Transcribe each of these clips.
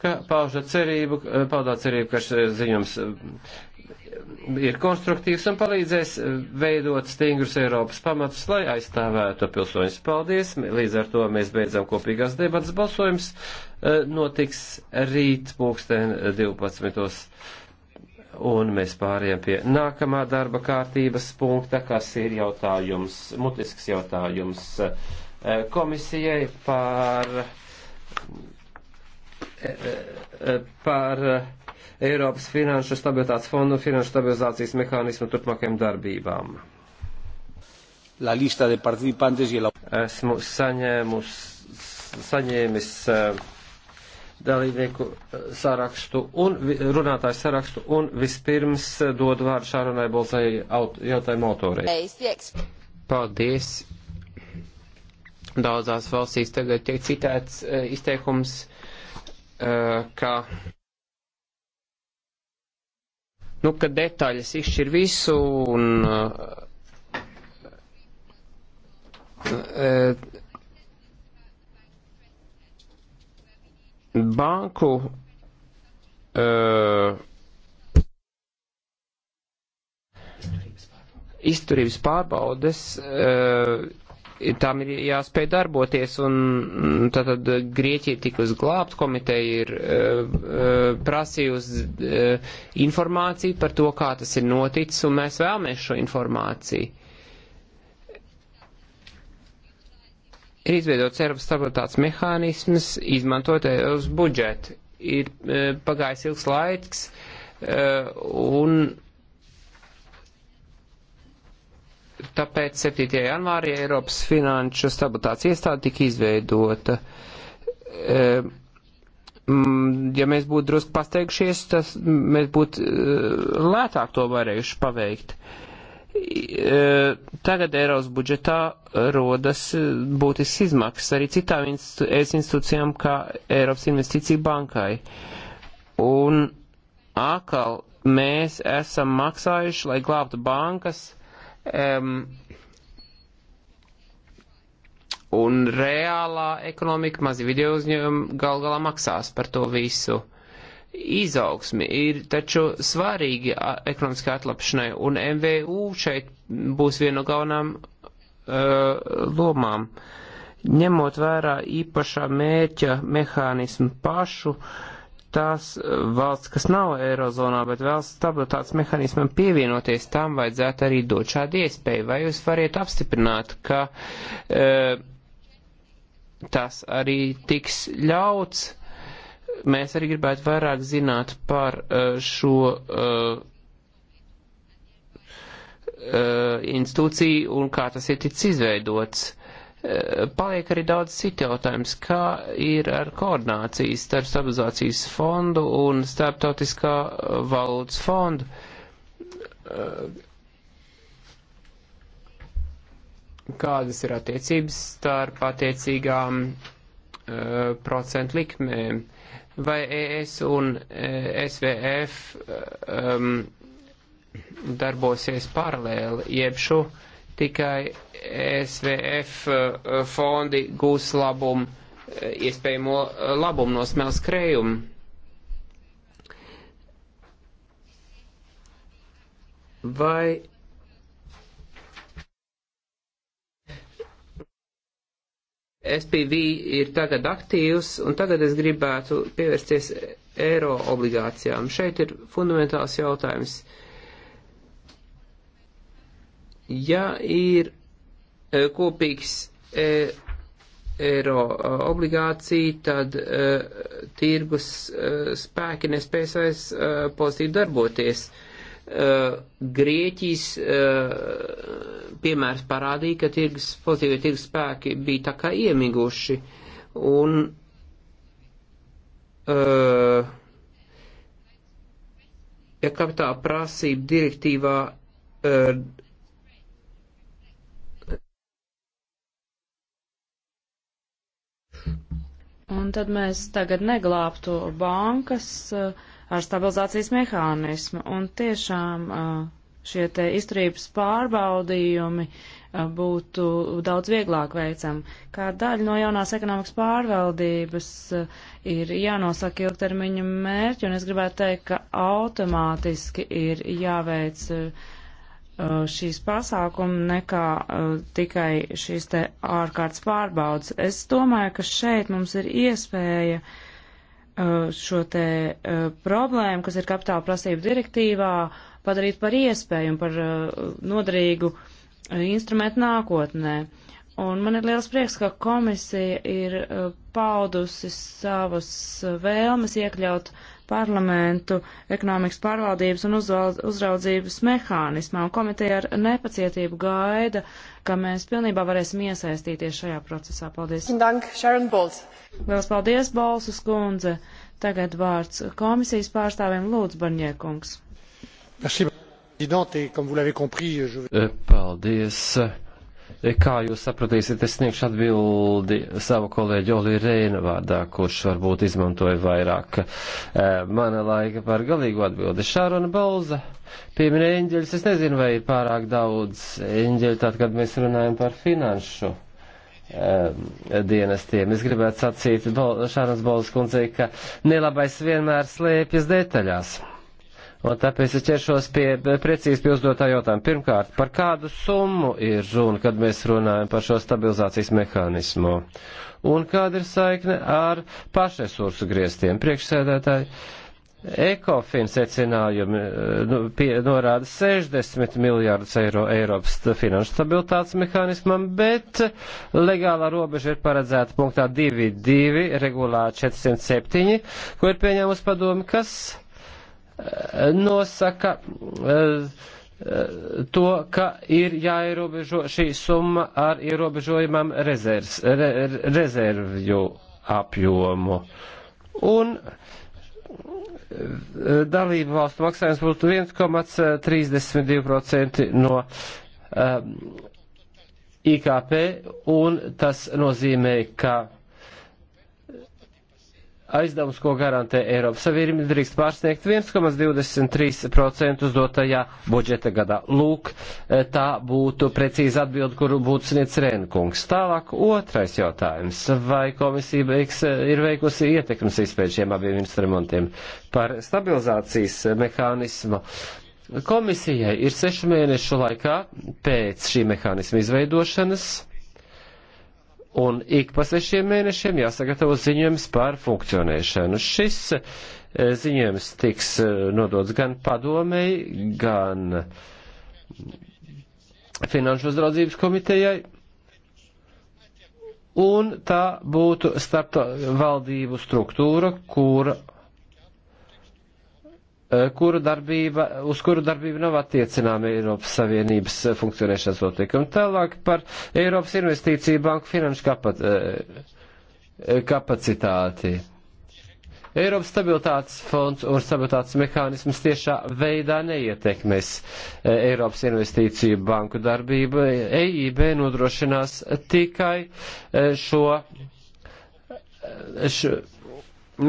ka paužat cerību, eh, paudāt cerību, ka šis eh, ziņums eh, ir konstruktīvs un palīdzēs veidot stingrus Eiropas pamatus, lai aizstāvētu pilsoņus. Paldies! Līdz ar to mēs beidzam kopīgās debatas balsojums. Notiks rīt pulksten 12. Un mēs pāriem pie nākamā darba kārtības punkta, kas ir jautājums, mutisks jautājums komisijai par Eh, eh, par eh, Eiropas finanšu stabilitātes fondu un finanšu stabilizācijas mehānismu turpmākajām darbībām. La lista de participantes y el... Esmu saņēmus, saņēmis dalībnieku sarakstu un runātāju sarakstu un vispirms dodu vārdu Šārunai Bolzai aut, jautājumu autorei. Paldies. Daudzās valstīs tagad tiek citēts izteikums. Uh, Eh, ka, nu, ka detaļas izšķir visu un eh, eh, banku izturības pārbaudes uh, Tām ir jāspēj darboties, un tātad mm, Grieķija tika uzglābta, komiteja ir uh, prasījusi uh, informāciju par to, kā tas ir noticis, un mēs vēlamies šo informāciju. ir izveidots Eiropas stabilitātes mehānisms, izmantot uz budžetu. Ir e, pagājis ilgs laiks, e, un Tāpēc 7. janvārī Eiropas finanšu stabilitātes iestāde tika izveidota. E, ja mēs būtu drusku pasteigšies, tas mēs būtu eh, lētāk to varējuši paveikt. Eh, tagad Eiropas budžetā rodas eh, būtisks izmaksas arī citām instu, institūcijām, kā Eiropas investīcija bankai. Un atkal mēs esam maksājuši, lai glābtu bankas Um, un reālā ekonomika, mazi video uzņēmumi gal galā maksās par to visu. Izaugsmi ir taču svarīgi ekonomiskai atlapšanai, un MVU šeit būs viena no galvenām uh, lomām. Ņemot vērā īpašā mērķa mehānismu pašu, uh, tās valsts, kas nav Eirozonā, bet vēl stabilitātes mehānismam pievienoties, tam vajadzētu arī dot šādu iespēju. Vai jūs variet apstiprināt, ka e, tas arī tiks ļauts? Mēs arī gribētu vairāk zināt par e, šo. E, e institūciju un kā tas ir ticis izveidots paliek arī daudz citu jautājums, kā ir ar koordināciju starp stabilizācijas fondu un starptautiskā valūtas fondu. Kādas ir attiecības starp attiecīgām eh, procentu likmēm? Vai ES un eh, SVF um, eh, darbosies paralēli, jeb šo tikai SVF eh, fondi gūs labumu, eh, iespējamo eh, labumu no smēles krējuma. Vai SPV ir tagad aktīvs, un tagad es gribētu pievērsties eiro obligācijām. Šeit ir fundamentāls jautājums. Ja ir Eh, kopīgs eh, eiro eh, obligācija, tad tirgus spēki nespēs vairs pozitīvi darboties. Grieķijas piemērs parādīja, ka tirgus, pozitīvie tirgus spēki bija tā kā iemiguši. Un, ja kapitāla prasība direktīvā Un tad mēs tagad neglābtu bankas eh, ar stabilizācijas mehānismu. Un tiešām eh, šie te izturības pārbaudījumi eh, būtu daudz vieglāk veicam. Kā daļa no jaunās ekonomikas pārvaldības ir jānosaka ilgtermiņu mērķi, un es gribētu teikt, ka automātiski ir jāveic Uh, šīs pasākumi nekā uh, tikai šīs te ārkārtas pārbaudas. Es domāju, ka šeit mums ir iespēja uh, šo te uh, problēmu, kas ir kapitāla prasību direktīvā, padarīt par iespēju un par uh, noderīgu uh, instrumentu nākotnē. Un man ir liels prieks, ka komisija ir paudusi savas vēlmes iekļaut uh, parlamentu ekonomikas pārvaldības un uzraudzības mehānismā, un komiteja ar nepacietību gaida, ka mēs pilnībā varēsim iesaistīties šajā procesā. Paldies! Dank, Sharon Bols! Lielas paldies, Bolsas kundze! Tagad vārds komisijas pārstāvim Lūdzu Barņiekungs. Eh, paldies! Kā jūs sapratīsiet, es sniegšu atbildi savu kolēģi Olī Reina vārdā, kurš varbūt izmantoja vairāk e, mana laika par galīgu atbildi. Šārona Balza pieminēja eņģeļus. Es nezinu, vai ir pārāk daudz eņģeļu, tad, kad mēs runājam par finanšu e, dienestiem. Es gribētu sacīt Bol Šāras Balzas kundzei, ka nelabais vienmēr slēpjas detaļās. Un tāpēc es ķeršos pie precīzi pie uzdotā jautājuma. Pirmkārt, par kādu summu ir runa, kad mēs runājam par šo stabilizācijas mehānismu? Un kāda ir saikne ar pašresursu griestiem? Priekšsēdētāji, ECOFIN secinājumi eh, nu, pie, norāda 60 miljārdus eiro Eiropas finanšu stabilitātes mehānismam, bet legālā robeža ir paredzēta punktā 2.2, regulā 407, ko ir pieņēmusi padomi, kas nosaka e, e, to, ka ir jāierobežo šī summa ar ierobežojumam rezervs, re, rezervju apjomu. Un e, dalību valstu maksājums būtu 1,32% no um, IKP, un tas nozīmē, ka aizdevums, ko garantē Eiropas Savienība, drīkst pārsniegt 1,23% uzdotajā budžeta gadā. Lūk, e, tā būtu precīza atbilde, kuru būtu sniedz Rēnkungs. Tālāk otrais jautājums. Vai komisija beigs, e, ir veikusi ietekmes izpēc šiem abiem instrumentiem par stabilizācijas mehānismu? Komisijai ir sešu mēnešu laikā pēc šī mehānisma izveidošanas un ik pa sešiem mēnešiem jāsagatavo ziņojums par funkcionēšanu. Šis eh, ziņojums tiks eh, nodots gan padomēji, gan Finanšu uzraudzības komitejai, un tā būtu starp valdību struktūra, kura Eh, kuru darbība, uz kuru darbību nav attiecināma Eiropas Savienības eh, funkcionēšanas noteikumi. Tālāk par Eiropas Investīciju banku finanšu kapat, eh, kapacitāti. Eiropas stabilitātes fonds un stabilitātes mehānisms tiešā veidā neietekmēs Eiropas investīciju banku darbību. EIB nodrošinās tikai šo, šo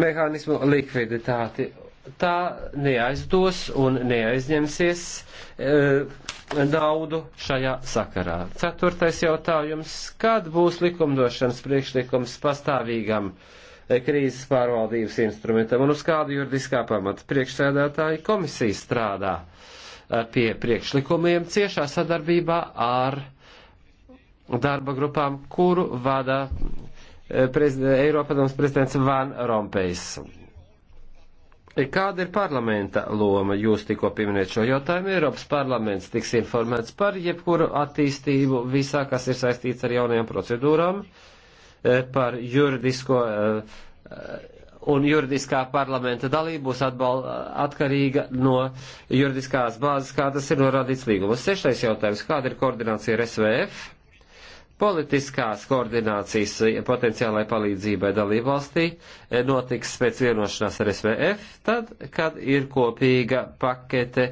mehānismu likviditāti tā neaizdos un neaizņemsies e, naudu šajā sakarā. Ceturtais jautājums. Kad būs likumdošanas priekšlikums pastāvīgam eh, krīzes pārvaldības instrumentam un uz kādu juridiskā pamata priekšsēdētāji komisija strādā eh, pie priekšlikumiem ciešā sadarbībā ar darba grupām, kuru vada prezid Eiropadoms prezidents Van Rompējs. Kāda ir parlamenta loma? Jūs tikko pieminējat šo jautājumu. Eiropas parlaments tiks informēts par jebkuru attīstību visā, kas ir saistīts ar jaunajām procedūrām, eh, par juridisko eh, un juridiskā parlamenta dalība būs atbal, atkarīga no juridiskās bāzes, kā tas ir norādīts līgumos. Sešais jautājums. Kāda ir koordinācija ar SVF? Politiskās koordinācijas potenciālai palīdzībai dalībvalstī e, notiks pēc vienošanās ar SVF, tad, kad ir kopīga pakete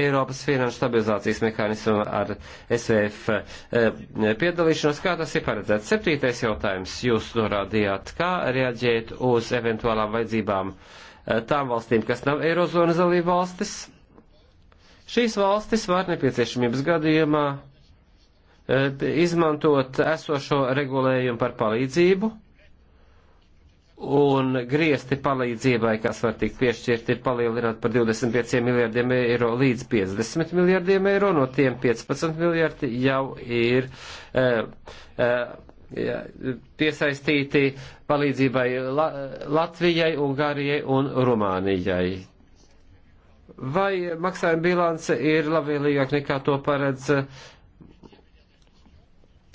Eiropas finanšu stabilizācijas mehānismu ar SVF e, piedalīšanos, kā tas ir paredzēts. Septītais jautājums. Jūs norādījāt, kā reaģēt uz eventuālām vajadzībām e, tām valstīm, kas nav Eirozonas dalībvalstis. Šīs valstis var nepieciešamības gadījumā Eh, izmantot esošo regulējumu par palīdzību un griezti palīdzībai, kas var tikt piešķirt, ir palielināt par 25 miljardiem eiro līdz 50 miljardiem eiro, no tiem 15 miljardi jau ir uh, eh, uh, eh, jā, piesaistīti palīdzībai La Latvijai, Ungārijai un Rumānijai. Vai maksājuma bilance ir labvēlīgāk nekā to paredz uh,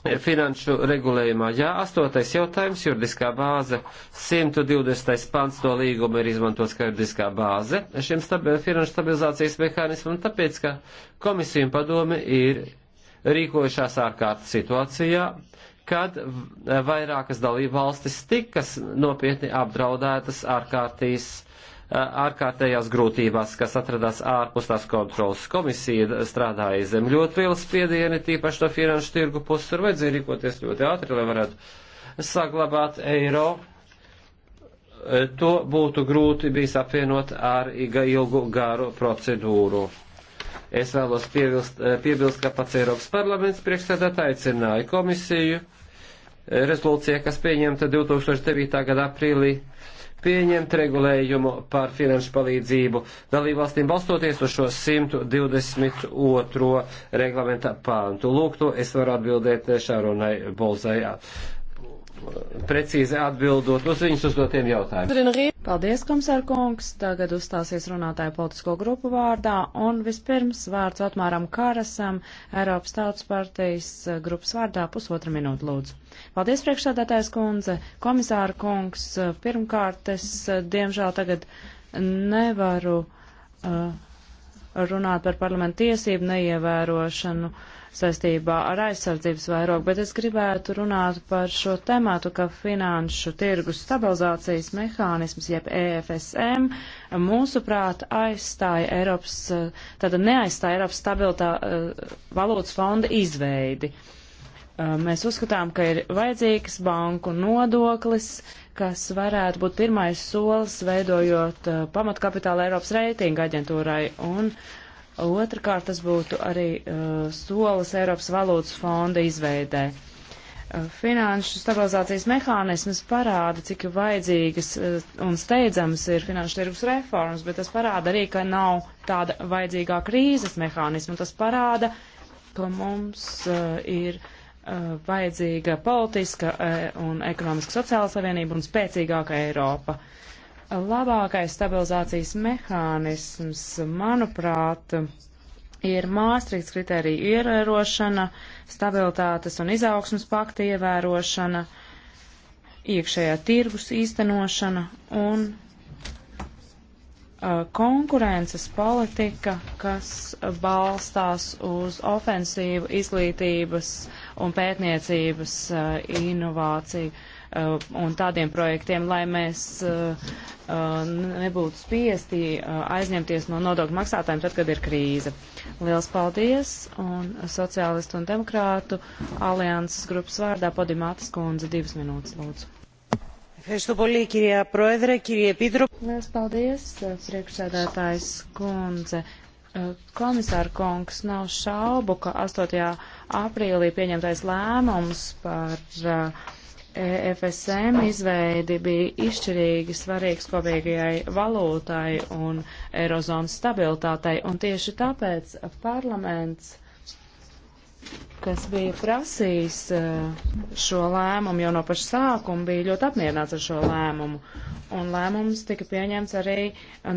finanšu regulējumā. Jā, astotais jautājums, juridiskā bāze, 120. pants no līguma ir izmantots kā juridiskā bāze šiem stabil, finanšu stabilizācijas mehānismam, tāpēc, ka komisija un padome ir rīkojušās ārkārtas situācijā, kad vairākas dalība valstis tikas nopietni apdraudētas ārkārtīs ārkārtējās grūtībās, kas atradās ārpus tās kontrolas. Komisija strādāja zem ļoti liela spiediena, tīpaši no finanšu tirgu puses ir vajadzēja rīkoties ļoti ātri, lai varētu saglabāt eiro. To būtu grūti bijis apvienot ar ilgu garu procedūru. Es vēlos piebilst, piebilst ka pats Eiropas parlaments priekšsēdētāji aicināja komisiju rezolūcijā, kas pieņemta 2009. gada aprīlī, pieņemt regulējumu par finanšu palīdzību dalībvalstīm balstoties uz šo 122. reglamentā pāntu. Lūk, to es varu atbildēt Šārunai Bolzajā precīzi atbildot uz viņus uzdotiem jautājumiem. Paldies, komisār kungs. Tagad uzstāsies runātāja politisko grupu vārdā un vispirms vārds Otmāram Kārasam, Eiropas Tautas partijas eh, grupas vārdā pusotra minūte lūdzu. Paldies, priekšsādātājs kundze, komisāra kungs. Eh, pirmkārt, es eh, diemžēl tagad nevaru. Uh, runāt par parlamentu tiesību neievērošanu saistībā ar aizsardzības vairogu, bet es gribētu runāt par šo tematu, ka finanšu tirgus stabilizācijas mehānisms, jeb EFSM, mūsuprāt, aizstāja Eiropas, tātad neaizstāja Eiropas stabilitā eh, valūtas fonda izveidi. Uh, Uh, mēs uzskatām, ka ir vajadzīgs banku nodoklis, kas varētu būt pirmais solis veidojot uh, pamatkapitāla Eiropas reitinga aģentūrai. Un otrkārt, tas būtu arī uh, solis Eiropas valūtas fonda izveidē finanšu stabilizācijas mehānisms parāda, cik vajadzīgas un steidzamas ir finanšu tirgus reformas, bet tas parāda arī, ka nav tāda vajadzīgā krīzes mehānisma. Tas parāda, ka mums ir Uh, vajadzīga politiska uh, un ekonomiska sociāla savienība un spēcīgāka Eiropa. Labākais stabilizācijas mehānisms, manuprāt, ir māstrīts kritēriju ievērošana, stabilitātes un izaugsmas pakti ievērošana, iekšējā tirgus īstenošana un Uh, konkurences politika, kas balstās uz ofensīvu izglītības un pētniecības uh, inovāciju uh, un tādiem projektiem, lai mēs nebūtu spiesti aizņemties no nodokļu maksātājiem tad, kad ir krīze. Liels paldies un sociālistu un demokrātu alianses grupas vārdā Podimātas kundze divas minūtes lūdzu. Lielas paldies, priekšsēdētājs kundze. Komisāra kungs, nav šaubu, ka 8. aprīlī pieņemtais lēmums par EFSM izveidi bija izšķirīgi svarīgs kopīgajai valūtai un eirozonas stabilitātei, un tieši tāpēc parlaments kas bija prasījis eh, šo lēmumu jau no paša sākuma, bija ļoti apmierināts ar šo lēmumu. Un lēmums tika pieņemts arī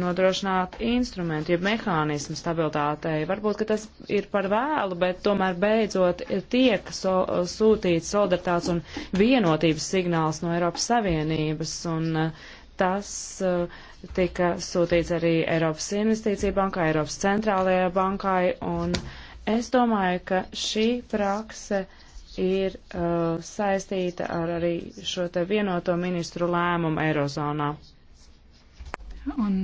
nodrošināt instrumentu, jeb mehānismu stabilitātei. Varbūt, ka tas ir par vēlu, bet tomēr beidzot tiek so, sūtīts solidaritāts un vienotības signāls no Eiropas Savienības. Un eh, tas eh, tika sūtīts arī Eiropas Investīcija bankai, Eiropas Centrālajai bankai un. Uh, Es domāju, ka šī prakse ir uh, saistīta ar arī šo te vienoto ministru lēmumu Eirozonā. Un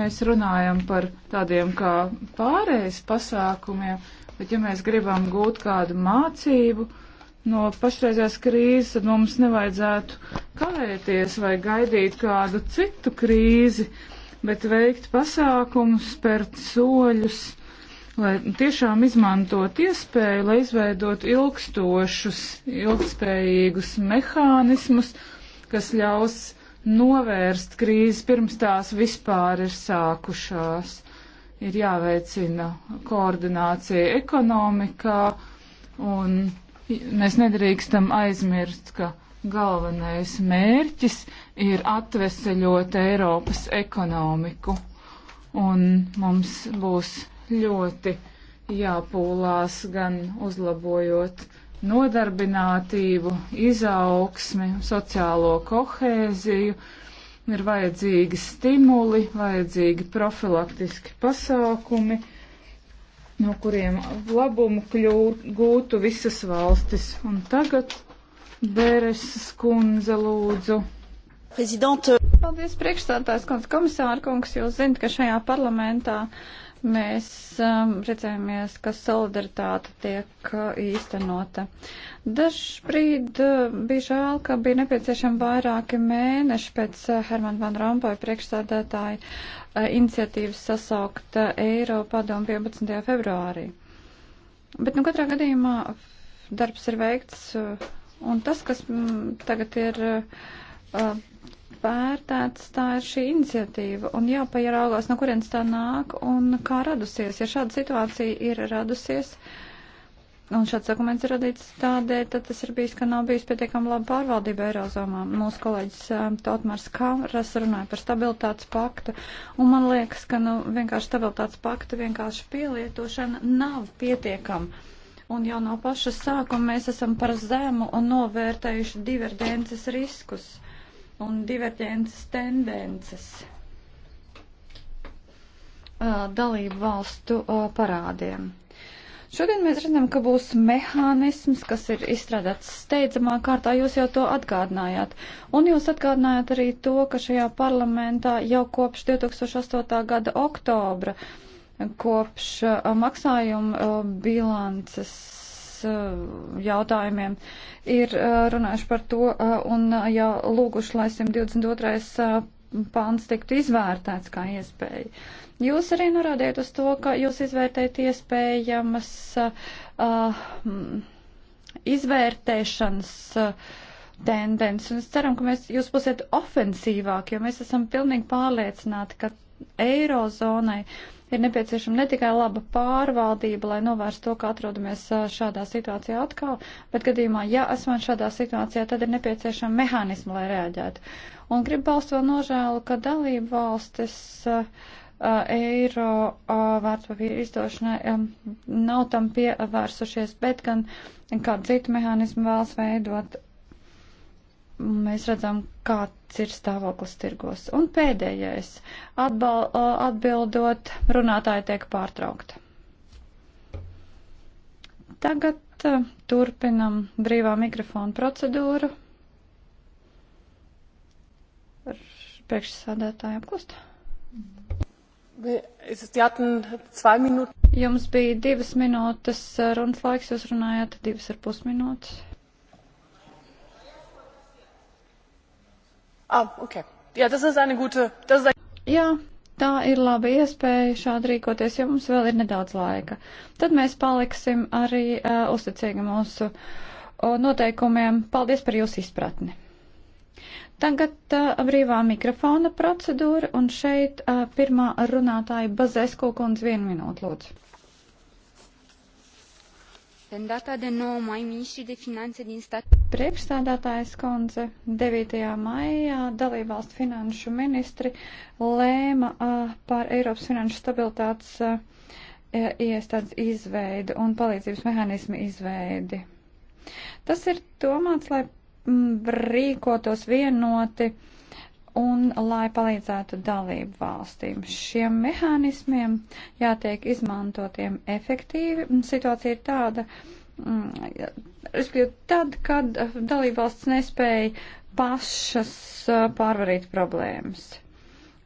mēs runājam par tādiem kā pārējais pasākumiem, bet ja mēs gribam gūt kādu mācību, no pašreizējās krīzes, tad mums nevajadzētu kavēties vai gaidīt kādu citu krīzi, bet veikt pasākumus, spērt soļus, lai tiešām izmantot iespēju, lai izveidot ilgstošus, ilgspējīgus mehānismus, kas ļaus novērst krīzes pirms tās vispār ir sākušās. Ir jāveicina koordinācija ekonomikā, un mēs nedrīkstam aizmirst, ka galvenais mērķis ir atveseļot Eiropas ekonomiku. Un mums būs ļoti jāpūlās gan uzlabojot nodarbinātību, izaugsmi, sociālo kohēziju, ir vajadzīgi stimuli, vajadzīgi profilaktiski pasākumi, no kuriem labumu kļūt, gūtu visas valstis. Un tagad Bēres skundze lūdzu. Prezidenta. Paldies priekšstādātājs, komisāra kungs, jūs zinat, ka šajā parlamentā uh, Mēs um, redzējāmies, ka solidaritāte tiek uh, īstenota. Dažbrīd uh, bija žēl, ka bija nepieciešami vairāki mēneši pēc uh, Hermana Van Rompuy priekšstādētāja uh, iniciatīvas sasaukt uh, Eiro padomu 15. februārī. Bet, nu, katrā gadījumā darbs ir veikts, uh, un tas, kas mm, tagad ir. Uh, uh vērtēts, tā ir šī iniciatīva un jāpajaraugās, no kurienes tā nāk un kā radusies. Ja šāda situācija ir radusies un šāds dokuments ir radīts tādēļ, tad tas ir bijis, ka nav bijis pietiekami laba pārvaldība Eirozomā. Mūsu kolēģis eh, Tautmars Kamras runāja par stabilitātes paktu un man liekas, ka nu, vienkārši stabilitātes paktu vienkārši pielietošana nav pietiekama. Un jau no paša sākuma mēs esam par zemu un novērtējuši divergences riskus un diverģences tendences dalību valstu parādiem. Šodien mēs redzam, ka būs mehānisms, kas ir izstrādāts steidzamā kārtā, jūs jau to atgādinājāt. Un jūs atgādinājāt arī to, ka šajā parlamentā jau kopš 2008. gada oktobra, kopš maksājuma bilances Uh, jautājumiem, ir uh, runājuši par to uh, un jau lūguši, lai 122. pāns tiktu izvērtēts kā iespēja. Jūs arī norādījat uz to, ka jūs izvērtējat iespējamas uh, izvērtēšanas uh, tendences, un es ceru, ka mēs, jūs būsiet ofensīvāki, jo mēs esam pilnīgi pārliecināti, ka Eirozonai uh, Ir nepieciešama ne tikai laba pārvaldība, lai novērstu to, ka atrodamies šādā situācijā atkal, bet gadījumā, ja esam šādā situācijā, tad ir nepieciešama mehānisma, lai reaģētu. Un gribu balst vēl nožēlu, ka dalību valstis. Uh, eiro vērtspapīra izdošanai um, nav tam pievērsušies, bet gan kādu citu mehānismu vēlas veidot mēs redzam, kāds ir stāvoklis tirgos. Un pēdējais, atbal, atbildot, runātāja tiek pārtraukta. Tagad uh, turpinam brīvā mikrofona procedūru. Priekšsādātāja apkust. Jums bija divas minūtes runas laiks, jūs runājāt divas ar pus minūtes. Ah, okay. Jā, tas ir eine gute. Tas ir... Jā, tā ir laba iespēja šādi rīkoties, jo mums vēl ir nedaudz laika. Tad mēs paliksim arī uh, uzticīgi mūsu uh, noteikumiem. Paldies par jūsu izpratni. Tagad uh, brīvā mikrofona procedūra, un šeit uh, pirmā runātāja Bazēsko kundze vienu minūtu lūdzu în data de 9 mai, ministrii de finanțe din stat... Priekšstādātājs kundze 9. maijā dalībvalstu finanšu ministri lēma uh, par Eiropas finanšu stabilitātes uh, iestādes izveidi un palīdzības mehānismu izveidi. Tas ir domāts, lai rīkotos vienoti uh, un lai palīdzētu dalību valstīm. Šiem mehānismiem jātiek izmantotiem efektīvi. Situācija ir tāda, mm, respektīvi, tad, kad dalību valsts nespēja pašas pārvarīt problēmas.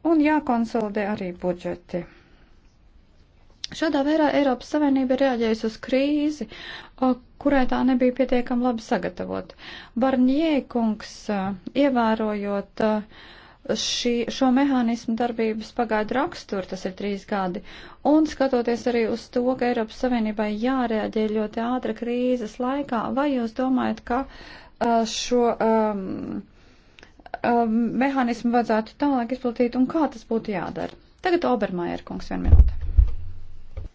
Un jākonsolidē arī budžeti. Šādā vērā Eiropas Savienība ir reaģējusi uz krīzi, kurai tā nebija pietiekami labi sagatavot. Barņie kungs, ievērojot šī, šo mehānismu darbības pagaidu raksturu, tas ir trīs gadi, un skatoties arī uz to, ka Eiropas Savienībai jārēģē ļoti ātri krīzes laikā, vai jūs domājat, ka šo um, um, mehānismu vajadzētu tālāk izplatīt un kā tas būtu jādara? Tagad Obermajer kungs vien minūte.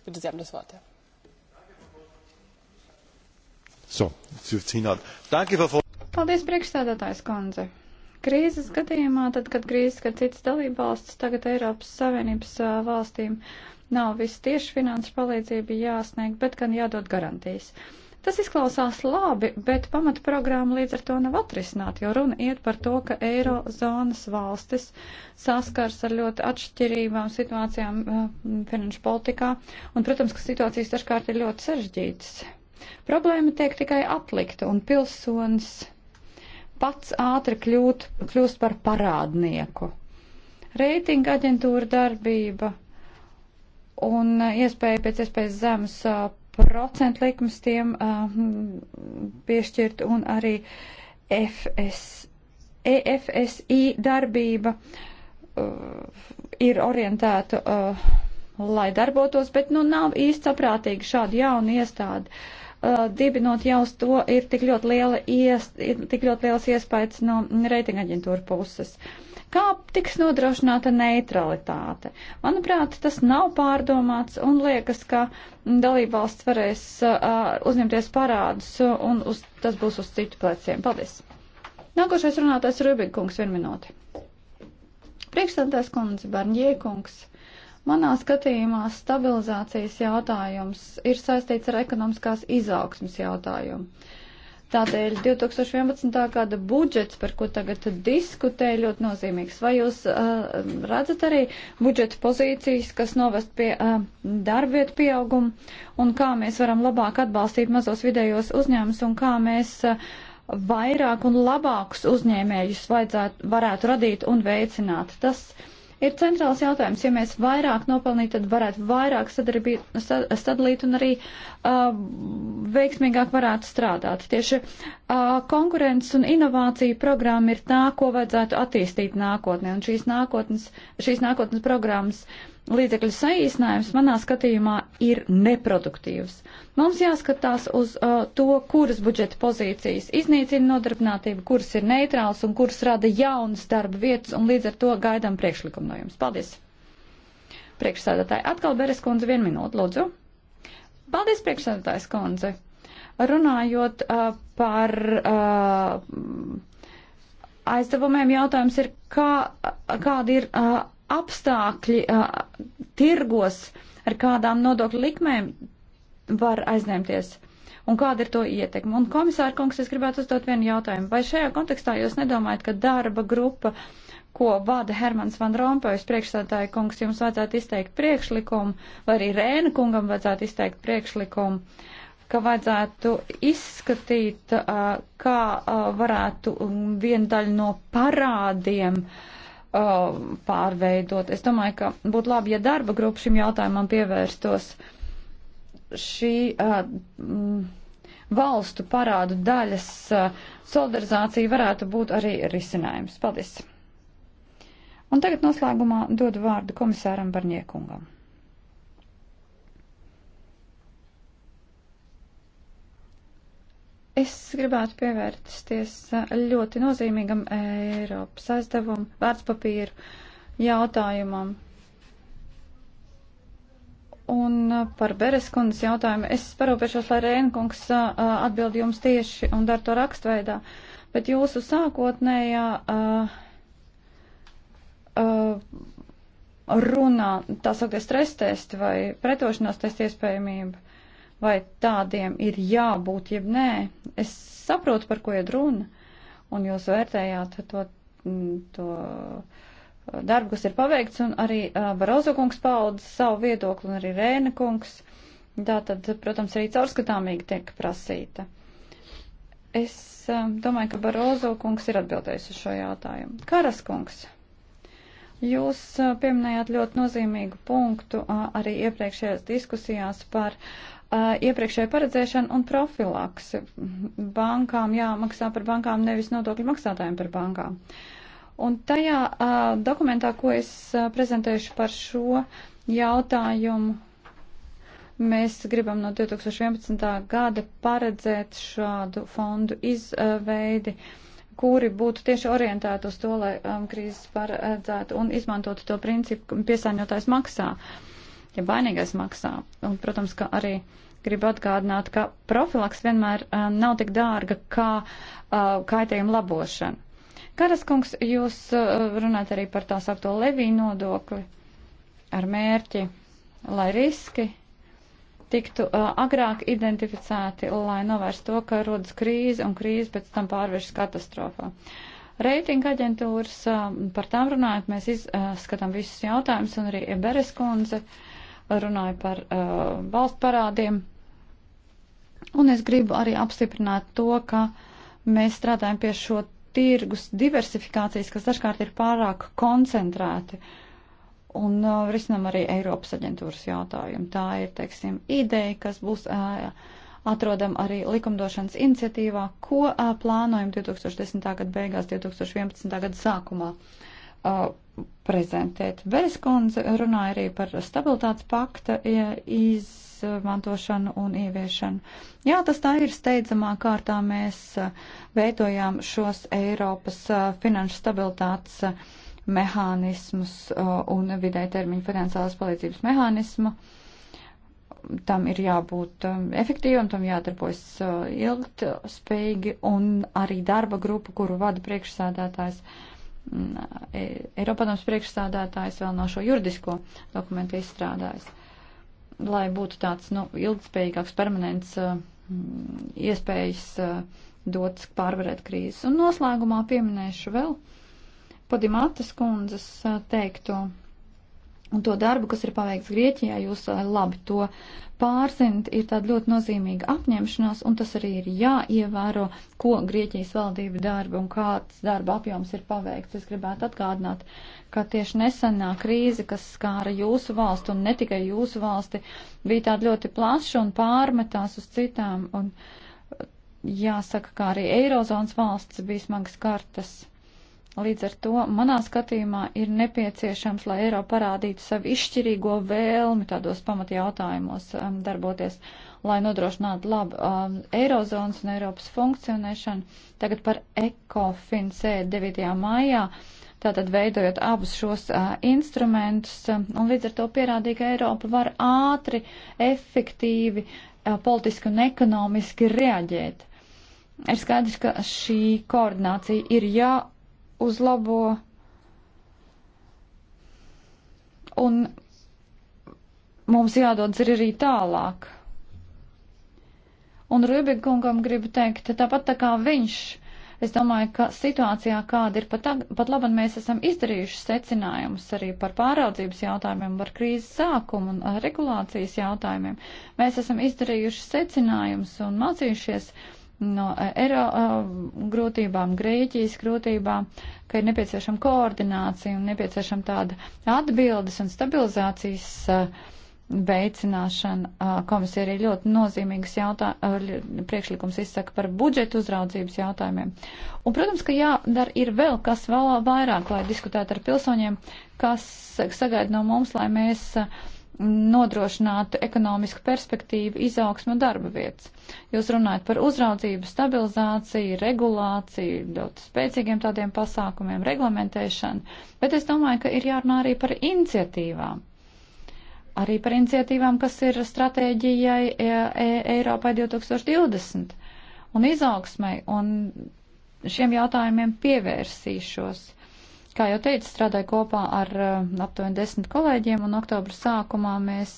Bitte, Sie haben das Wort, ja. So, Paldies, priekšstādātājs Konze. Krīzes gadījumā, tad, kad krīzes, kad citas dalībvalstis tagad Eiropas Savienības valstīm nav viss tieši finanses palīdzība jāsniegt, bet gan jādod garantijas. Tas izklausās labi, bet pamatprogramma līdz ar to nav atrisināta, jo runa iet par to, ka eirozonas valstis saskars ar ļoti atšķirībām situācijām finanšu politikā, un, protams, ka situācijas dažkārt ir ļoti sarežģītas. Problēma tiek tikai atlikta un pilsonis pats ātri kļūt, kļūst par parādnieku. Reitinga aģentūra darbība un iespēja pēc iespējas zemes procentu likmes tiem uh, piešķirt un arī FS, EFSI darbība uh, ir orientēta, uh, lai darbotos, bet nu nav īsti saprātīgi šādu jaunu iestādi uh, uh, dibinot jau uz to, ir tik ļoti, liela ies, ir tik ļoti liels iespējas no reitinga aģentūra puses. Kā tiks nodrošināta neutralitāte? Manuprāt, tas nav pārdomāts un liekas, ka dalībvalsts varēs uh, uzņemties parādus un uz, tas būs uz citu pleciem. Paldies! Nākošais runātājs Rubikungs, vienu minūti. Priekšstādājs kundze Barņiekungs Manā skatījumā stabilizācijas jautājums ir saistīts ar ekonomiskās izaugsmas jautājumu. Tādēļ 2011. gada budžets, par ko tagad diskutē, ļoti nozīmīgs. Vai jūs uh, redzat arī budžeta pozīcijas, kas novest pie uh, darbvietu pieauguma, un kā mēs varam labāk atbalstīt mazos vidējos uzņēmumus, un kā mēs uh, vairāk un labākus uzņēmējus vajadzētu, varētu radīt un veicināt? Tas uh, ir centrāls jautājums. Ja mēs vairāk nopelnītu, tad varētu vairāk sadalīt un arī uh, veiksmīgāk varētu strādāt. Tieši uh, konkurences un inovācija programma ir tā, ko vajadzētu attīstīt nākotnē. Un šīs nākotnes, šīs nākotnes programmas uh, līdzekļu saīsinājums manā skatījumā ir neproduktīvs. Mums jāskatās uz uh, to, kuras budžeta pozīcijas iznīcina nodarbinātību, kuras ir neitrāls un kuras rada jaunas darba vietas, un līdz ar to gaidām priekšlikumu no jums. Paldies! Priekšsēdētāji, atkal Beres kundze, vienu minūtu, lūdzu. Paldies, priekšsēdētājs kundze. Runājot uh, par uh, aizdevumiem, jautājums ir, kā, kāda ir. Uh, apstākļi uh, tirgos, ar kādām nodokļu likmēm var aizņemties un kāda ir to ietekme. Un komisāra kungs, es gribētu uzdot vienu jautājumu. Vai šajā kontekstā jūs nedomājat, ka darba grupa, ko vada Hermans Van Rompējs, priekšstādāja kungs, jums vajadzētu izteikt priekšlikumu, vai arī Rēna kungam vajadzētu izteikt priekšlikumu, ka vajadzētu izskatīt, kā varētu vienu daļu no parādiem uh, Um, pārveidot. Es domāju, ka būtu labi, ja darba grupa šim jautājumam pievērstos šī uh, valstu parādu daļas uh, solidarizācija varētu būt arī risinājums. Paldies! Un tagad noslēgumā dodu vārdu komisāram Barniekungam. Es gribētu pievērsties eh, ļoti nozīmīgam eh, Eiropas aizdevumu vērtspapīru jautājumam. Un eh, par Bereskundas jautājumu es parūpēšos, lai Rēnkungs atbild jums tieši un dar to rakstveidā. Bet jūsu sākotnējā uh, uh, runā, tā sakot, stress testi vai pretošanās testi iespējamība vai tādiem ir jābūt, jeb nē. Es saprotu, par ko ir runa, un jūs vērtējāt to, mm, to uh, darbu, kas ir paveikts, un arī uh, Barozo kungs paudz savu viedokli, un arī Rēna kungs. Tā tad, protams, arī caurskatāmīgi tiek prasīta. Es um, domāju, ka Barozo kungs ir atbildējis uz šo jautājumu. Karas kungs. Jūs uh, pieminējāt ļoti nozīmīgu punktu arī iepriekšējās diskusijās par Uh, iepriekšēju paredzēšanu un profilaks. Bankām jāmaksā par bankām, nevis nodokļu maksātājiem par bankām. Un tajā uh, dokumentā, ko es uh, prezentēšu par šo jautājumu, mēs gribam no 2011. gada paredzēt šādu fondu izveidi, kuri būtu tieši orientēti uz to, lai um, krīzes paredzētu un izmantotu to principu, piesārņotājs maksā. Uh, ja vainīgais maksā. Un, protams, ka arī gribu atgādināt, ka profilaks vienmēr uh, nav tik dārga kā uh, kaitējuma labošana. Karaskungs, jūs runājat arī par tā saukto leviju nodokli ar mērķi, lai riski tiktu agrāk identificēti, lai novērst to, ka rodas krīze un krīze pēc tam pārvēršas katastrofā. Reitinga aģentūras, par tām runājot, mēs izskatām visus jautājumus un arī Beres kundze. Uh, runāju par uh, valsts parādiem. Un es gribu arī apstiprināt to, ka mēs strādājam pie šo tirgus diversifikācijas, kas dažkārt ir pārāk koncentrēti. Un uh, risinam arī Eiropas aģentūras jautājumu. Tā ir, teiksim, ideja, kas būs uh, atrodam arī likumdošanas iniciatīvā, ko uh, plānojam 2010. gada beigās, 2011. gada sākumā. Uh, prezentēt. Bereskundze runāja arī par stabilitātes pakta izmantošanu un ieviešanu. Jā, tas tā ir steidzamā kārtā. Mēs veidojām šos Eiropas finanšu stabilitātes mehānismus un vidē termiņu finansiālās palīdzības mehānismu. Tam ir jābūt efektīvam, tam jādarbojas ilgtspējīgi un arī darba grupa, kuru vada priekšsādātājs. Uh, E, Eiropadoms priekšstādātājs vēl nav no šo juridisko dokumentu izstrādājis. Lai būtu tāds nu, ilgspējīgāks, permanents e, iespējas e, dots pārvarēt krīzes. Un noslēgumā pieminēšu vēl Podimatas kundzes teikto un to darbu, kas ir paveikts Grieķijā. Jūs labi to pārsimt ir tāda ļoti nozīmīga apņemšanās, un tas arī ir jāievēro, ko Grieķijas valdība darba un kāds darba apjoms ir paveikts. Es gribētu atgādināt, ka tieši nesenā krīze, kas skāra jūsu valsti un ne tikai jūsu valsti, bija tāda ļoti plaša un pārmetās uz citām, un jāsaka, kā arī Eirozonas valsts bija smagas kartas. Līdz ar to manā skatījumā ir nepieciešams, lai Eiropa parādītu savu izšķirīgo vēlmi tādos pamatjautājumos um, darboties, lai nodrošinātu labu um, Eirozonas un Eiropas funkcionēšanu. Tagad par ECOFIN sēdi 9. maijā, tātad veidojot abus šos uh, instrumentus, um, un līdz ar to pierādīja, ka Eiropa var ātri, efektīvi, uh, politiski un ekonomiski reaģēt. Ir skaidrs, ka šī koordinācija ir jā. Ja uzlabo un mums jādodas arī tālāk. Un Rubikungam gribu teikt, tāpat tā kā viņš, es domāju, ka situācijā, kāda ir pat, pat labi, mēs esam izdarījuši secinājumus arī par pāraudzības jautājumiem, par krīzes sākumu un eh, regulācijas jautājumiem. Mēs esam izdarījuši secinājumus un mācījušies. Uh, no eh, eiro eh, grūtībām, Grieķijas grūtībām, ka ir nepieciešama koordinācija un nepieciešama tāda atbildes un stabilizācijas eh, veicināšana. Komisija arī ļoti nozīmīgas jautā, priekšlikums izsaka par budžetu uzraudzības jautājumiem. Un, protams, ka jādara ir vēl kas vēl vairāk, lai diskutētu ar pilsoņiem, kas sagaida no mums, lai mēs uh, nodrošinātu ekonomisku perspektīvu, izaugsmu un darba vietas. Jūs runājat par uzraudzību, stabilizāciju, regulāciju, ļoti spēcīgiem tādiem pasākumiem, reglamentēšanu, bet es domāju, ka ir jārunā arī par iniciatīvām. Arī par iniciatīvām, kas ir stratēģijai e e Eiropai 2020 un izaugsmai, un šiem jautājumiem pievērsīšos Kā jau teicu, strādāju kopā ar uh, aptuveni desmit kolēģiem, un oktobra sākumā mēs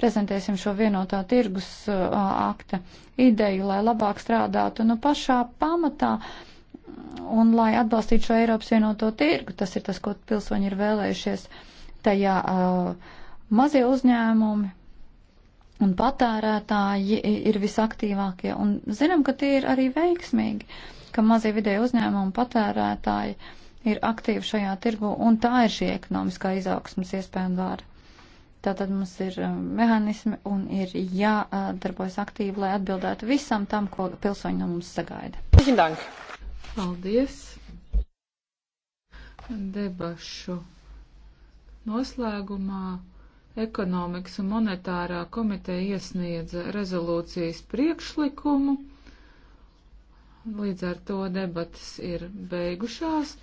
prezentēsim šo vienotā tirgus uh, akta ideju, lai labāk strādātu nu, pašā pamatā un lai atbalstītu šo Eiropas vienoto tirgu. Tas ir tas, ko pilsoņi ir vēlējušies tajā uh, mazie uzņēmumi. Un patērētāji ir visaktīvākie, un zinām, ka tie ir arī veiksmīgi, ka mazie vidēji uzņēmumi un patērētāji uh, ir aktīvi šajā tirgu, un tā ir šī ekonomiskā izaugsmas iespējama vāra. Tātad mums ir um, mehānismi un ir jādarbojas aktīvi, lai atbildētu visam tam, ko pilsoņi no mums sagaida. Paldies! Debašu noslēgumā ekonomikas un monetārā komiteja iesniedza rezolūcijas priekšlikumu. Līdz ar to debatas ir beigušās.